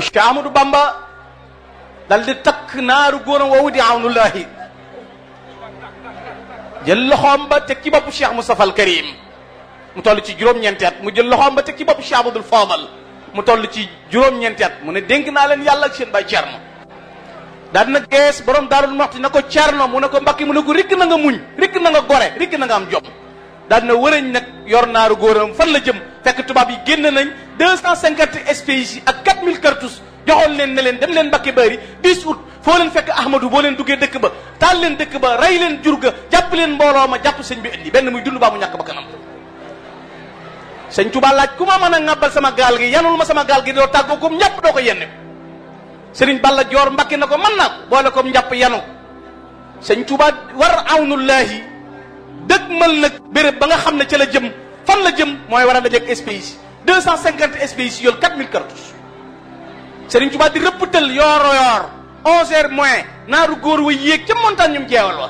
puisque Amadou Bamba dal di takk naaru góoram woowu di awnullahi jël loxoom ba teg ci boppu Cheikh Moustapha al mu toll ci juróom-ñeenti at mu jël loxoom ba teg ci boppu Cheikh Abdoul Fadal mu toll ci juróom-ñeenti at ne dénk naa leen yàlla ak seen bay Cerno daan na gees borom daarul moxti na ko Cerno mu ne ko mbakki mu ne ko rikk na nga muñ rikk na nga gore rikk na nga am jom daal dina wërëñ nag yor naaru góoram fan la jëm fekk tubaab yi génn nañ deux cent cinquante SPJ ak quatre mille cartouches joxoon leen ne leen dem leen Mbàkke Bari 10 août foo leen fekk Ahmadou boo leen duggee dëkk ba taal leen dëkk ba rey leen jur ga jàpp leen mbooloo ma jàpp sëñ bi indi benn muy dund baa mu ñàkk ba kanam sëñ Tuubaa laaj ku ma mën a ŋàbbal sama gaal gi yanul ma sama gaal gi doo tàggoo ko ñàpp doo ko yenne sëriñ Balla Joor Mbàkke na ko mën naa ko boole ko ñàpp yanu sëñ Tuubaa war awnullahi dëgmal nag béréb ba nga xam ne ca la jëm fan la jëm mooy war a dajeeg SPIC 250 SPIC yoolu 4000 cartouches Serigne Touba di rëpptal yooro yoor 11 heures moins naaru góor wa yéeg ca montagne ñum jeewal wa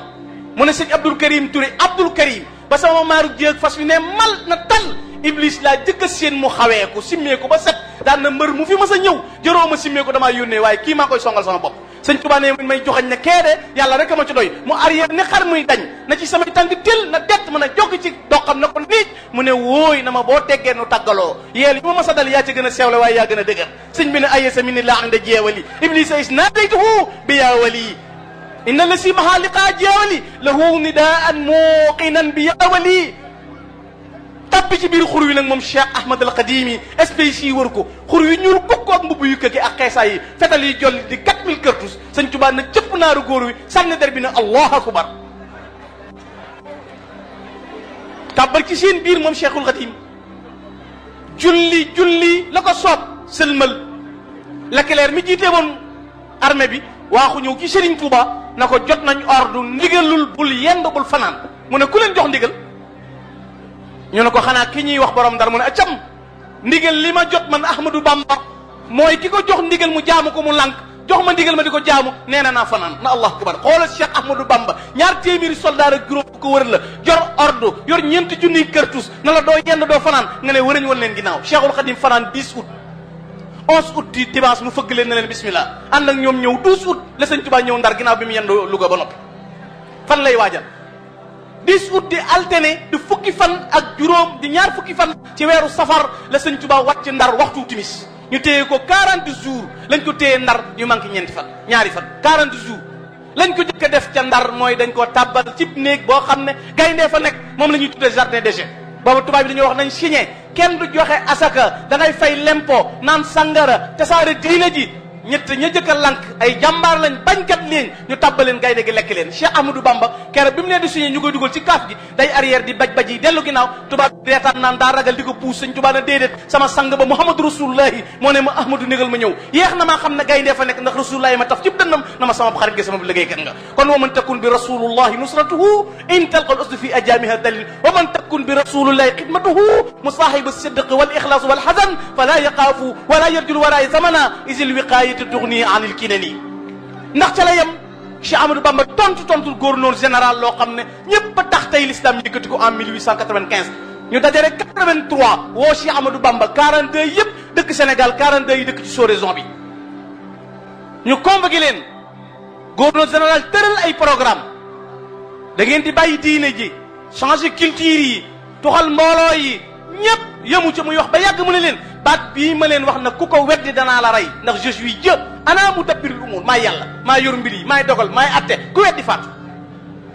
mu ne sëñ Abdoul Karim Touré Abdoul Karim ba sama maaru jéeg fas wi ne mal na tal Iblis laa jëkk a séen mu xawee ko simmee ko ba set daan na mbër mu fi mas a ñëw jëroo ma simmee ko damaa yónnee waaye kii maa koy songal sama bopp sëñ Tuubaa ne mu may joxañ ne kee de yàlla rek a ma ci doy mu arrière ni xar muy dañ na ci samay tànk til na det mën a jokk ci doxam na ko niij mu ne wóoy na ma boo teggee nu tàggaloo yéen yu ma mas a yaa ci gën a seewle waaye yaa gën a dëgër sëñ bi ne aye sa mi ni laa ànd jeewali iblisa is naa daytuhu bi yaawali inna la si maxaaliqaa jeewali lahu nidaan muuqinan bi yaawali tapi ci bir xur wi nag moom Cheikh Ahmad al qadimi spc espèces wër ko xur yu ñuul kukk ak mbubu yu kegi ak xeesaa yi fetal yi jolli di 4000 kërtus sëñ tuba nag cipp naaru góor wi sànni der bi ne allahu akbar tàbbal ci seen bir mom Cheikhul qadim julli julli lako ko selmal la claire mi jité won armée bi waxu ñëw ci Serigne Touba nako jot nañ ordre ndigalul bul yendul bul mu ne ku len jox ndigal ñu ne ko xanaa ki ñuy wax borom dar mu ne acam ndigal li ma jot man ahmadu bamba mooy ki ko jox ndigal mu jaamu ko mu lànk jox ma ndigal ma di ko jaamu nee na naa fanaan na allah akbar xoolal cheikh ahmadu bamba ñaar téeméeri soldat ak juróom ko wër la jor ordo yor ñeenti junniy kërtus na la doo yenn doo fanaan nga ne wërëñ wan leen ginnaaw cheikhul xadim fanaan 10 août 11 août di dimanche mu fëgg leen na leen bismillah and ak ñoom ñëw 12 août la sëñ tubaa ñëw ndar ginnaaw bi mu yendoo luga ba noppi fan lay waajal 10 août di alterné di fukki fan ak juróom di ñaar fukki fan ci weeru safar la sëñ Tuubaa wàcc ndar waxtu timis ñu téye ko 40 jour lañ ko téye ndar ñu manqué ñeenti fan ñaari fan 40 jours lañ ko jëkk def ca ndar mooy dañ ko tàbbal cib néeg boo xam ne gayndee fa nekk moom la ñuy tuddee jardin des jeunes boobu tubaab bi dañuy wax nañ signé kenn du joxe asaka da fay lempo naan sangara tasaare diine ji ñett ña jëkk a lànk ay jàmbaar lañ bañkat leen ñu tàbbaleen gaynde gi lekk leen Cheikh Amadou Bamba keroog bi mu leen di suñee ñu koy dugal ci kaaf gi day arrière di baj baj yi dellu ginnaaw tubaab reetaan naan daa ragal di ko puus sëñ tubaab na déedéet sama sang ba Mouhamadou Rasulullahi moo ne ma Ahmadou négal ma ñëw yéex na maa xam ne gaynde fa nekk ndax Rasulullahi ma taf cib dënnam na ma sama xarit gi sama liggéeykat nga kon wa man takun bi rasulullahi nusratuhu in talqa al فلا يخاف ولا يرجل وراء زمنا إذ الوقاية تغني عن الكنني نختلا يم شي عمر بامبا تونت تونت غورنور جنرال لو خامن نيب تاختاي الاسلام ييكتيكو ان 1895 ني دادي رك 83 و شي عمر بامبا 42 ييب دك سنغال 42 ييب دك سي سوريزون بي ني كومبغي لين غورنور جنرال تيرل اي بروغرام دا غين دي باي دينا جي شانجي كولتوري توخال مولو يي نيب yëmu ci muy wax ba yàgg mu ne leen baat bii ma leen wax na ku ko weddi danaa la rey ndax je suis Dieu ana mudabbirul umur maay yàlla maa yor mbir yi maay dogal maay atte ku weddi faatu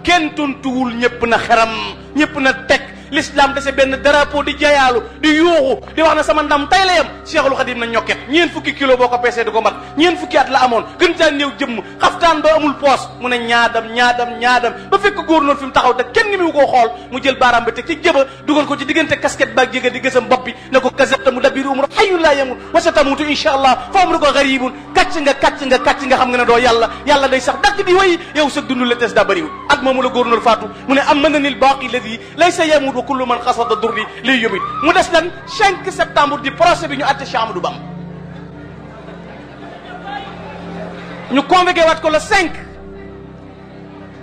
kenn tontuwul ñëpp na xeram ñëpp na teg l'islam dese benn drapeau di jayaalu di yuuxu di wax ne sama ndam tay la yem cheikhul xadim na ñokket ñeen fukki kilo boo ko peesee di ko mat ñeen fukki at la amoon gën caa néew jëmm xaftaan ba amul poos mu ne ñaadam ñaadam ñaadam ba fekk góor noonu fi mu taxaw te kenn ngi mu koo xool mu jël baaraam ba teg ci jëba dugal ko ci diggante casquette baag jéga di gësam bopp bi ne ko gazette mu dabbiru umra hayyun yamut wa sa tamutu fa amruka gharibun kàcc يحسب كل من قصد الدرني ليومين مو داس نان 5 سبتمبر دي بروسي بي ني اتي شامدو بام ني كونفيكي وات كو لا 5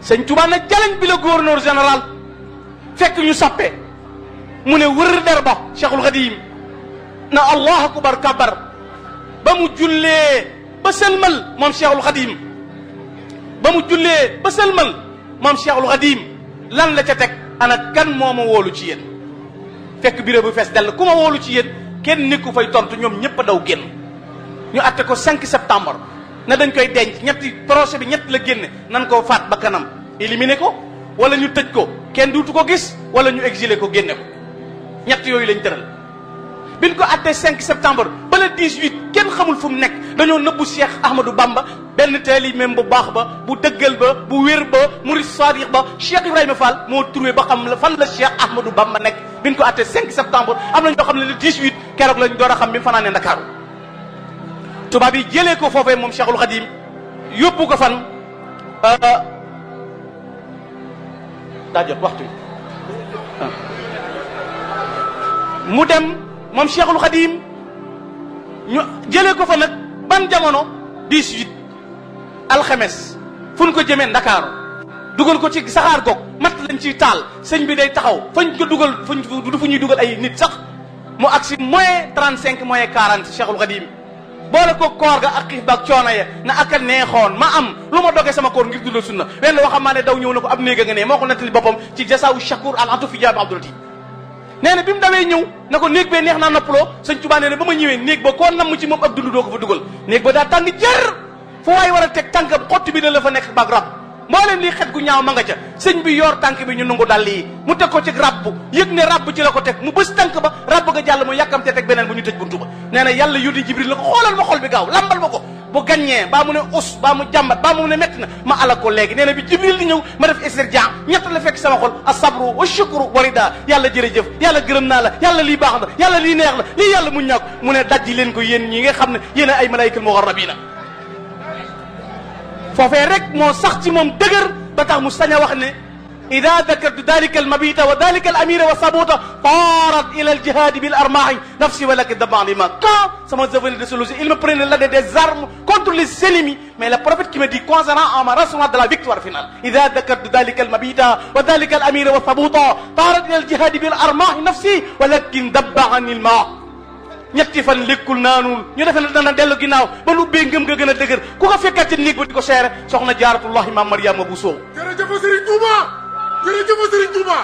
سيغ توبا نا جالنج بي لو غورنور جنرال فك ني سابي مو ني ورر دربا شيخ القديم نا الله اكبر كبر بامو جولي بسلمل مام شيخ القديم بامو جولي بسلمل مام شيخ القديم لان لا تي تك ana kan moo ma woolu ci yéen fekk bureau bu fees dell ku ma woolu ci yéen kenn nit ku fay tontu ñoom ñëpp a daw génn ñu atte ko 5 septembre na dañ koy denc ñetti projet bi ñett la génne nan koo faat ba kanam éliminer ko wala ñu tëj ko kenn duutu ko gis wala ñu exiler ko génne ko ñett yooyu lañ tëral biñ ko atte 5 septembre le 18 kenn xamul fu mu nekk dañoo nëbbu Cheikh Ahmadou Bamba benn taalibeem bu baax ba bu dëggal ba bu wér ba murid sadiq ba Cheikh Ibrahima Fall moo trouvé ba xam la fan la Cheikh Ahmadou Bamba nekk bi ñu ko àttee 5 septembre am na ñoo xam ne le 18 keroog lañ door a xam bi mu fanaanee Ndakaaru tubaab yi jëlee ko foofee moom Cheikhul Khadim yóbbu ko fan daa jot waxtu mu dem moom Cheikhul Khadim ñu jëlee ko fa nag ban jamono 18 alxames fu ñu ko jëmee ndakaaru dugal ko ci saxaar goog mat lañ ci taal sëñ bi day taxaw fañ ko dugal fañ du fu ñuy dugal ay nit sax mu agsi moins 35 moins 40 Cheikhul Xadim boole ko koor ga ak xiif baak coono ya na ak a neexoon ma am lu ma doge sama koor ngir dundal sunna wenn waxamaa ne daw ñëw na ko ab néega nga ne moo ko nettali boppam ci jasaawu shakur al atu fi jaab nee na bi mu dawee ñëw na ko néeg bee neex naa noppaloo sëñ Tuubaa nee na ba ma ñëwee néeg ba koo namm ci moom ab dund doo ko fa dugal néeg ba daa tàng jër fu waay war a teg tànkam xott bi ne la fa nekk baag rab mboolem lii xet gu ñaaw ma nga ca sëñ bi yor tànk bi ñu nungu dàll yi mu teg ko ci ràbb yëg ne ràbb ci la ko teg mu bës tànk ba ràbb nga jàll mu yàkkamte teg beneen bu ñu tëj buntu ba nee na yàlla yudi jibril la ko xoolal ma xol bi gaaw lambal ma ko bu gaññee baa mu ne us baa mu jàmbat baa mu ne métti na ma ala ko léegi nee na bi jibril di ñëw ma def istirjaa ñett la fekk sama xol asabru wa wa rida yàlla jërëjëf yàlla gërëm naa la yàlla lii baax na yàlla lii neex la lii yàlla muñ naa ko leen ko yéen ñi nga xam ne yéen ay malaykal mugarrabina ففي رك مو سختي موم دغر بتا مستنى وخني اذا ذكرت ذلك المبيت وذلك الامير والصبوت طارت الى الجهاد بالارماح نفسي ولك دبا لما كا سما زفن رسولو سي علم برين لا دي زارم كونتر لي سيلمي مي لا بروفيت كي مي دي كونزان ان مارسون دو لا فيكتوار فينال اذا ذكرت ذلك المبيت وذلك الامير والصبوت طارت الى الجهاد بالارماح نفسي ولكن دبا عن الماء ñetti fan lekkul naanul ñu defe ne dana dellu ginnaaw ba lu bee ngëm nga a dëgër ku ko fekkaat ci ba di ko seere soxna jaaratullahi maam Mariama bu soow jërëjëf Sëriñ Tuuba jërëjëf Sëriñ Tuuba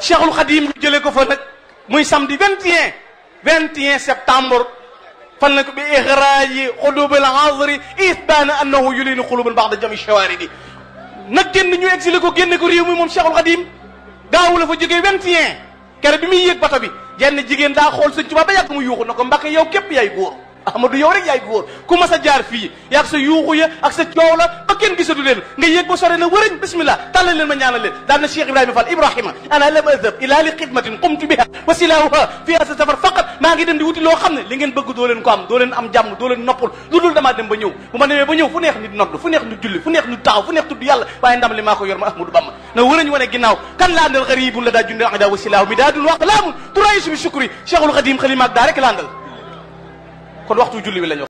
Cheikhul Khadim ñu jëlee ko fa nag muy samedi 21 21 septembre fan la ko bi ixraaji xudubal xaasri isbaana annahu yulinu xulubal baax da jami chawaridi nag génn ñu exilé ko génne ko réew mi moom Cheikhul Khadim le la fa jógee 21 kere bi muy yéeg bato bi jenn jigéen daa xool sëñ Tuubaa ba yàgg mu yuuxu na ko Mbàkke yow képp yaay góor Amadou yow rek yaay góor ku mas a jaar fi yak sa yuuxu ya ak sa coow la ba kenn gisatu len nga yëg ba sore na wërëñ bismillah talal len ma ñaanal len dal na Cheikh ibrahim Fall Ibrahima ana lam azab ila li khidmatin qumtu biha wa silaha fi asa safar faqat ma ngi dem di wuti lo xamne li ngeen bëgg do len ko am do len am jàmm do len noppul lu dama dem ba ñëw bu ma demee ba ñëw fu neex nit noddu fu neex nit julli fu neex nit taaw fu neex tuddu yàlla waye ndam li mako yor ma Ahmadou bam na wërëñ wone ginnaaw kan la àndal xaribun la da junde ahda wa silaha midadul dun wax turaysu bi shukri Cheikhul Xadim xalimaak da rek la àndal kon waxtu julli bi la ñu